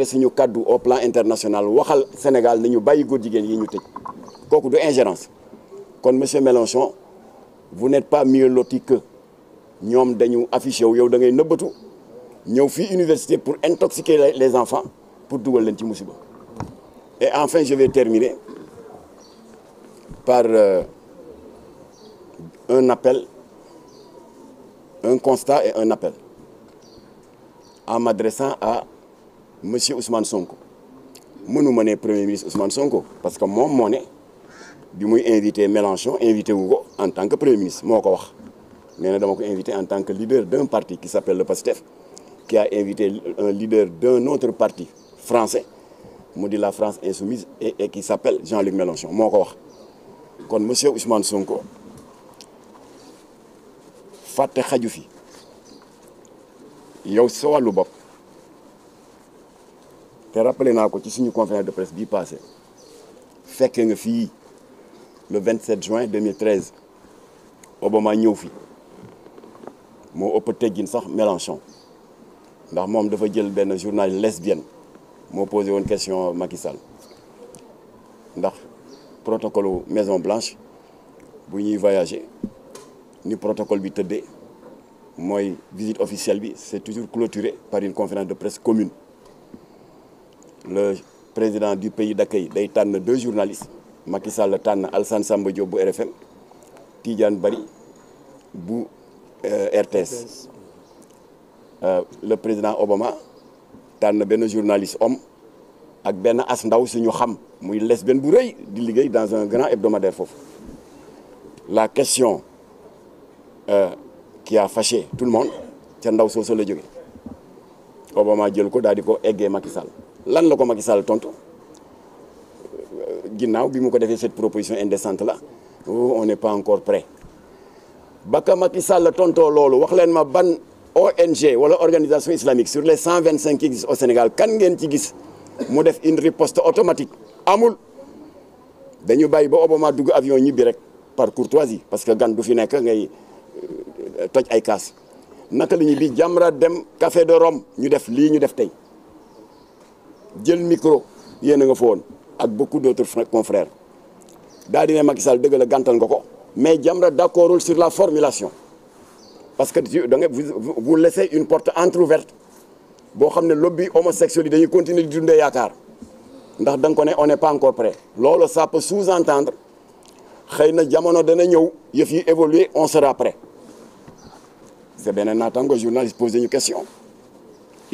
te suñu kaddu au plan international waxal Sénégal ni ñu bàyyi góor jigéen yi ñu tëj kooku du ingérence kon monsieur Mélenchon vous n'êtes pas mieux loti que ñoom dañu affiché wu yow da ngay nëbbatu ñëw fii université pour intoxiquer les enfants pour dugal leen ci musiba et enfin je vais terminer par euh, un appel un constat et un appel en m'adressant à monsieur Ousmane Sonko mënu ma ne premier ministre Ousmane Sonko parce que moom moo ne bi muy invité Mélenchon invité wu ko en tant que premier ministre moo ko wax nee na dama ko invité en tant que leader d'un parti qui s'appelle le PASTEF ki a invité un leader d'un autre parti français mu di la France insoumise et, et qui s'appelle Jean-Luc Mélenchon moo ko wax kon monsieur Ousmane Sonko fàtte xaju fi yow sa wàllu bopp te rappelé naa ko ci suñu conférence de presse bii passé fekkee nga fii le 27 juin 2013 Obama ñëw fii moo ëpp teggin sax Mélenchon ndax moom dafa jël benn journal lesbienne moo posé woon question Macky ndax protocole Maison Blanche bu ñuy voyager ni protocole bi tëdde mooy visite officielle bi c'est toujours clôturé par une conférence de presse commune le président du pays d'accueil day tànn deux journalistes Macky Sall tànn Alassane Samba Diop bu RFM Tidiane Bari bu euh, RTS euh, le président Obama tànn benn journaliste homme ak benn as ndaw suñu xam muy lesbienne bu rëy di liggéey dans un grand hebdomadaire foofu la question euh, qui a fâché tout le monde ca ndaw soosu la jóge Obama jël ko daal di ko eggee Macky Sall lan la ko Macky Sall tontu ginnaaw bi mu ko defee cette proposition indécente là on n'est pas encore prêt ba ka Macky Sall tontoo loolu wax leen ma ban ONG wala organisation islamique sur les cent vingt cinq qui au Sénégal kan ngeen ci gis mu def une riposte automatique amul dañu bay ba Obama dugg avion ñibbi rek par courtoisie parce que gan du fi nekk ngay euh, toj ay kaas naka la ñu bi dem Café de Rome ñu def lii ñu def tey jël micro yéen a nga fa woon ak beaucoup d' autres confrères daal di ne Macky Sall dëgg gàntal nga ko mais Jamra d' accordul sur la formulation parce que da nga vous vous une porte entrouverte boo xam ne lobby homosexuel yi dañuy continuer di dundee yaakaar ndax da ko ne on n' est pas encore prêt. loolu ça peut sous-entendre xëy na jamono dana ñëw yëf yi évoluer on sera prêt c' est beneen naataango journaliste posé ñu question.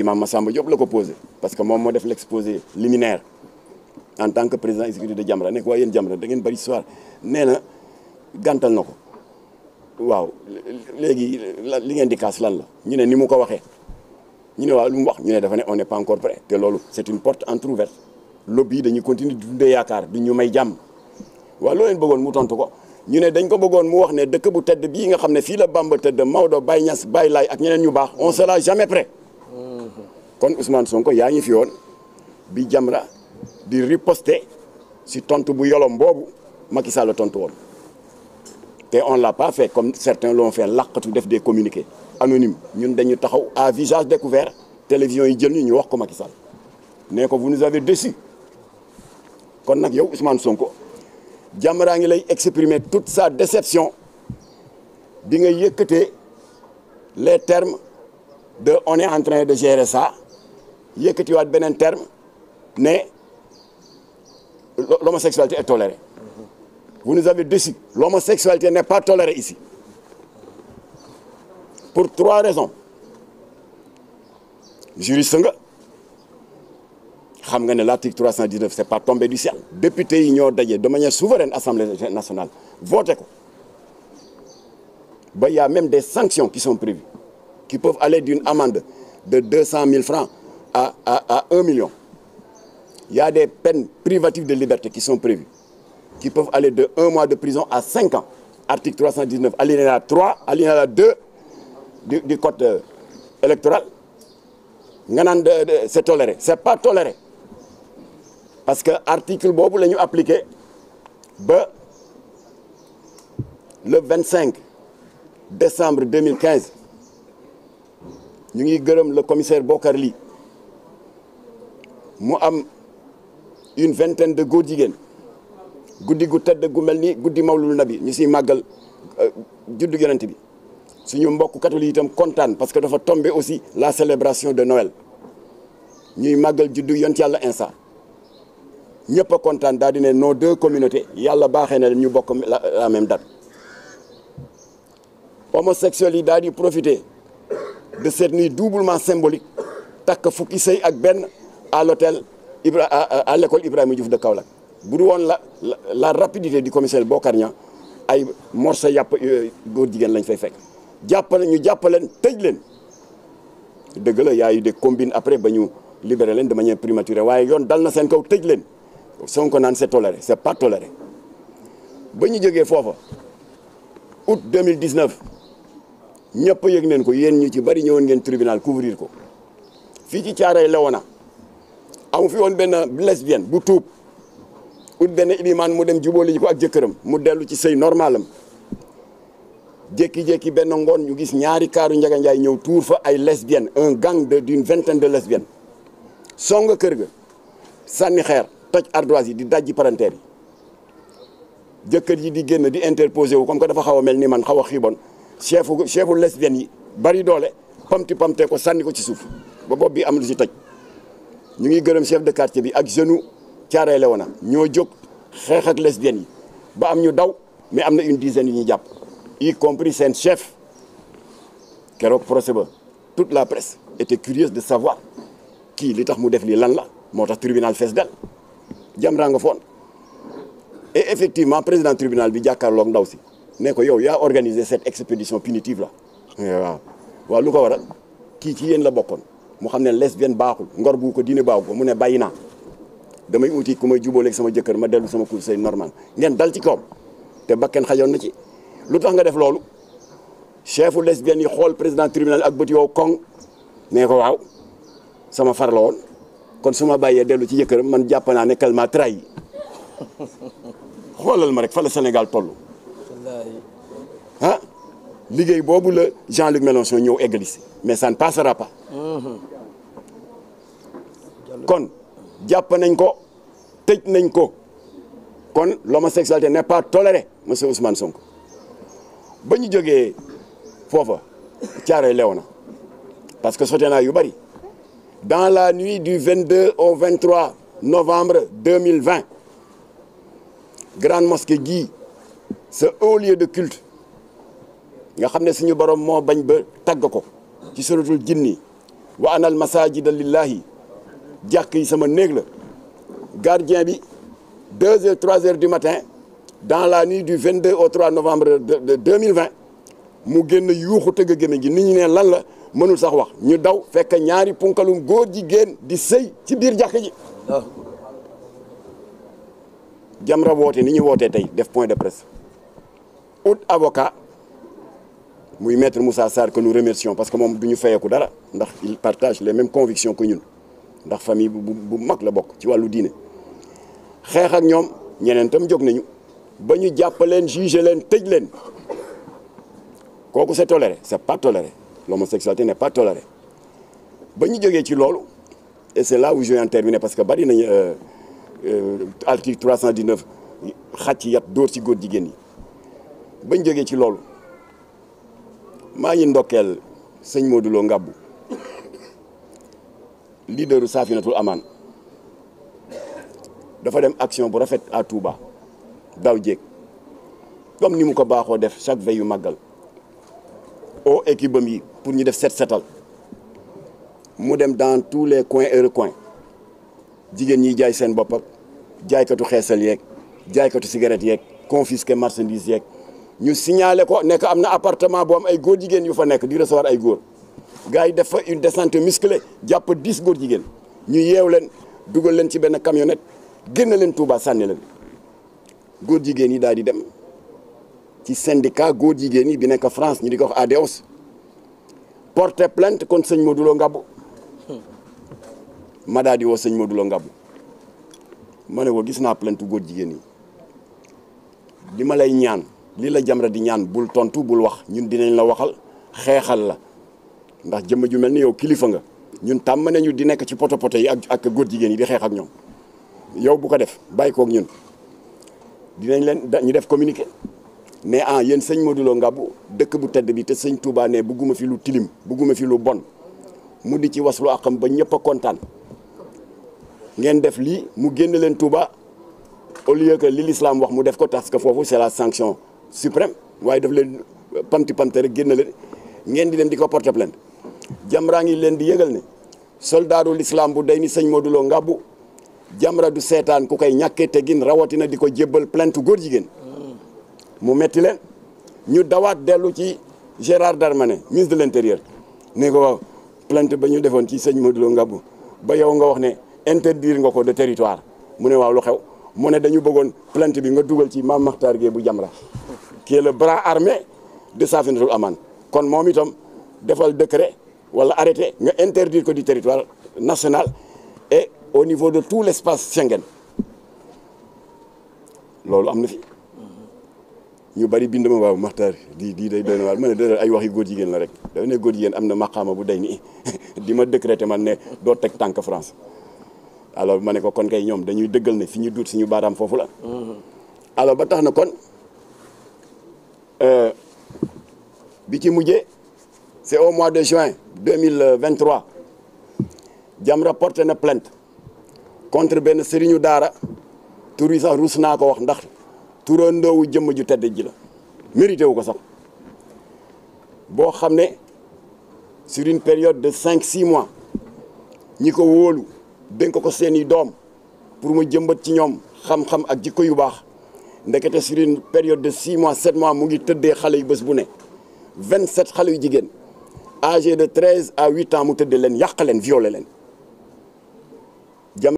imam Massamba Diop la ko posé parce que moom moo def l' exposé liminaire en tant que président exécutif de Jamra nekk waaye yéen Jamra da ngeen bëri nee na gàntal na ko waaw léegi li ngeen di kaas lan la ñu ne ni mu ko waxee ñu ne waaw lu mu wax ñu ne dafa ne on n'est pas encore prêt te loolu c' est une porte entrouverte lobby yi dañuy continuer di dundee yaakaar du ñu may jàmm waaw loo bëggoon mu tontu ko ñu ne dañ ko bëggoon mu wax ne dëkk bu tedd bii nga xam ne fii la Bamba tëdd Maodo Baye Niass Baye Laye ak ñeneen ñu baax on sera jamais kon Ousmane Sonko yaa ngi fi woon bi Jamra di riposter si tontu bu yolom boobu Macky Sall la tontu woon te on l'a pas fait comme certains l'ont fait làqatu def des communiqués anonymes ñun dañu taxaw à visage découvert télévision yi jël ñu ñu wax ko Macky Sall nee ko vous nous avez déçus kon nag yow Ousmane Sonko Jamra ngi lay exprimer toute sa déception bi nga yëkkatee les termes de on est en de gere ça yëkkatiwaat beneen terme ne l'homosexualité est tolérée vous nous avez déçu l'homosexualité n'est pas tolérée ici pour trois raisons juriste nga xam nga ne l'article 319 c'est pas tombé du ciel député yi ñoo daje de manière souveraine assemblée nationale voté ko ba y même des sanctions qui sont prévues qui peuvent aller d'une amende de deux cent mille francs à, à, à 1 million. Il y a des peines privatives de liberté qui sont prévues, qui peuvent aller de 1 mois de prison à 5 ans. Article 319, alinéa 3, alinéa 2 du, du code euh, électoral. Euh, euh, c'est toléré. C'est pas toléré. Parce que l'article Bobo, nous appliqué le 25 décembre 2015. Nous avons le commissaire Bokarli. mu am une vingtaine de góor jigéen guddi gu tedd gu mel ni guddi na bi ñu siy màggal euh, juddu yonent bi suñu mbokk catholique kontaan parce que dafa tombé aussi la célébration de Noël ñuy màggal juddu yonent yàlla instant ñëpp kontaan daal di ne nos deux communautés yàlla baaxee na leen ñu bokk la même date homosexuels yi daal di profiter de cette nuit doublement symbolique takk fukki sëy ak benn. à l'hôtel Ibra à l'école Ibrahima Diouf de Kaolack bu du woon la la rapidité du commissaire Bokar Niang ay morso yàpp euh, góor jigéen lañ fay fekk jàppale ñu jàppaleen tëj leen dëgg la yaayu de combine après ba ñu libéré leen de manière prématurée waaye yoon dal na seen kaw tëj leen Sonko naan c'est toléré c'est pas toléré ba ñu jógee foofa août 2019 ñëpp yëg neen ko yéen ñu ci bari ñëwoon ngeen tribunal couvrir ko fii ci caaray Léona amu fi woon benn lesbienne bu tuub ut benn ilimaan mu dem jubóoli ji ko ak jëkkëram mu dellu ci sëy normalam jékki-jékki benn ngoon ñu gis ñaari kaaru Ndiaga Ndiaye ñëw tuur fa ay lesbienne un gang de d'une vingtaine de lesbiennes song kër ga sànni xeer toj ardoise yi di dajji palanteer yi jëkkër ji di génn di interposé wu comme que dafa xaw a mel ni man xaw a xiibon chefu chefu lesbienne yi bari doole pamti pamtee ko sànni ko ci suuf ba bopp bi am lu ci toj ñu ngi gërëm chef de quartier bi ak jeune u Thiaroye Léona ñoo jog xeex ak lesbiennes yi ba am ñu daw mais am na une dizaine yu ñuy jàpp y compris seen chef keroog procès ba toute la presse était curieuse de savoir kii li tax mu def lii lan la moo tax tribunal fees del Jamra nga foon et effectivement président tribunal bi jàkkaarloog ndaw si ne ko yow yaa organisé cette expédition punitive là eh waaw lu ko waral kii kii yéen la bokkoon mu xam ne lesbienne baaxul ngor bu ko diine baaxul mu ne bàyyi naa damay uti ku may jubóoleeg sama jëkkër ma dellu sama kur say normal ngeen dal ci kawam te bakken xajoon na ci lu tax nga def loolu chefu lesbienne yi xool président tribunal ak bët yow koŋ nee ko waaw sama far woon kon su ma bàyyee dellu ci jëkkëram man jàpp naa ne calma trahi xoolal ma rek fa la Sénégal toll liggéey boobu la Jean-Luc Mélenchon ñëw eggali mais san ne passera pas. kon jàpp nañ ko tëj nañ ko kon l'homosexualité n'est pas tolérée monsieur Ousmane Sonko ba ñu jógee foofa caaroy lew na parce que sote naa yu bëri dans la nuit du 22 au 23 novembre 2020 grande mosquée gii ce haut lieu de culte nga xam ne suñu borom moo bañ ba tàgg ko ci suratul jinni wa anal masajida lillahi jàkk yi sama néeg la gardien bi deux heures trois heures du matin dans la nuit du vingt deux au 3 novembre de 2020 mu génn yuuxu tëgg a gémmiñ gi nit ñi ne lan la mënul sax wax ñu daw fekk ñaari punkalum góor jigéen di sëy ci biir jàkk ji ah. Jamra woote ni ñu wootee tey def point de presse ut avocat muy mettre Moussa Sarr que nous remercions parce que moom du ñu fayeeku dara ndax il partage les même convictions que ñun ndax famille bu bu mag la bokk ci wàllu diine xeex ak ñoom ñeneen tam jóg nañu ba ñu jàpp leen juger leen tëj leen kooku c'est toléré c'est pas toléré l'homosexualité n'est pas tolérée ba ñu jógee ci loolu et c'est là où je vais en terminer parce que bari nañu euh, euh, article 319 xàcc yat dóor ci góor jigéen yi ba ñu jógee ci loolu. maa ngi ndokkeel sëñ Modou Lo Ngabou leaderu Safinatul Aman dafa dem action bu rafet à Touba daw jéeg comme ni mu ko baaxoo def chaque veille yu màggal o équipe am yi pour ñu def set setal mu dem dans tous les coins et recoins jigéen ñi jaay seen bopp ak jaaykatu xeesal yeeg jaaykatu cigarette yeeg confisqué marchandise yeeg ñu signalé ko nekk am na appartement boo am ay góor jigéen yu fa nekk di recevoir ay góor gars yi defa fa une descente musclée jàpp 10 góor jigéen ñu yeew leen dugal leen ci benn camionnette génn leen Touba sànni leen góor jigéen yi daal di dem ci syndicat góor jigéen yi bi nekk France ñu di ko wax ADEOS porté plainte contre sëñ Modou Lo Ngabou ma daal woo sëñ Modou Lo Ngabou ma ne ko gis naa plainte góor jigéen yi li ma lay ñaan. lii la Jamra di ñaan bul tontu bul wax ñun dinañ la waxal xeexal la ndax jëmm ju mel ni yow kilifa nga ñun tàmm nañu di nekk ci poto poto yi ak ak góor jigéen yi di xeex ak ñoom yow bu ko def bàyyi koog ñun dinañ leen ñu def communiqué ne ah yéen sëñ Modou Lo Ngabou dëkk bu tedd bi te sëñ Touba ne bugguma fi lu tilim bugguma fi lu bon mu di ci waslu akam ba ñëpp a kontaan ngeen def lii mu génn leen Touba au lieu que li l'islam wax mu def ko parce que foofu c'est la sanction suprême waaye daf leen pamti pamte rek leen ngeen di dem di ko porter plainte Jamra ngi leen di yëgal ne soldaaru l'islam bu day ni sëñ Modou Lo ngàbbu Jamra du seetaan ku koy ñàkkee teggin rawatina di ko jébbal plainte góor jigéen mu metti leen ñu dawaat dellu ci Gérard ne ministre de l'intérieur ne ko waaw plainte ba ñu defoon ci sëñ Modou Lo ngàbbu ba yow nga wax ne interdire nga ko de territoire mu ne waaw lu xew mu ne dañu bëggoon plainte bi nga dugal ci Mame Makhtar Gueye bu Jamra qui est le bras armé de Safinatul Aman kon moom itam defal décret wala arrêté nga interdire ko du territoire national et au niveau de tout les espace Schengen loolu am na fi ñu bari bind ma waaw Maxtaar di di day doy na waar ma ne dëgg ay waxi góor jigéen la rek dafa ne góor am na maqaama bu day nii di ma décrété man ne doo teg tànk France ma ne ko kon ñoom dañuy dëggal ne ñu duut foofu la mm-hmm. alors ba tax na kon. Euh, bi ci mujjee c'est au mois de juin 2023 Jamra porté na plainte contre benn sëriñu daara tur yi naa ko wax ndax turandoowu jëmm ju tedd jila la wu ko sax boo xam ne sur une période de cinq six mois ñi ko wóolu dénk ko seeni doom pour mu jëmbat ci ñoom xam-xam ak jikko yu baax ndekete sur une période de six mois sept mois mu ngi tëddee xale yu bés bu ne vingt sept xale yu jigéen âgé de treize à huit ans mu tëddee leen yàq leen violé leen